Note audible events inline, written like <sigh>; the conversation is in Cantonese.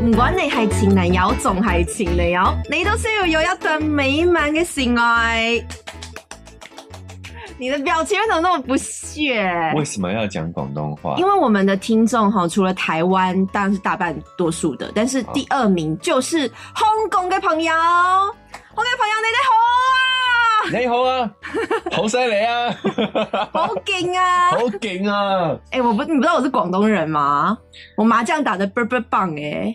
唔管你係前男友仲係前女友，你都需要有，有一段美滿嘅性愛。你的表情為什麼那麼不屑？為什麼要講廣東話？因為我們的聽眾哈，除了台灣，當然是大半多數的，但是第二名就是香港嘅朋友。香港嘅朋友，你們好啊！你好啊！好犀利啊， <laughs> 啊！好勁啊！ <laughs> 好勁啊！哎、欸，我不，你不知道我是廣東人嗎？我麻將打得倍兒倍兒棒誒！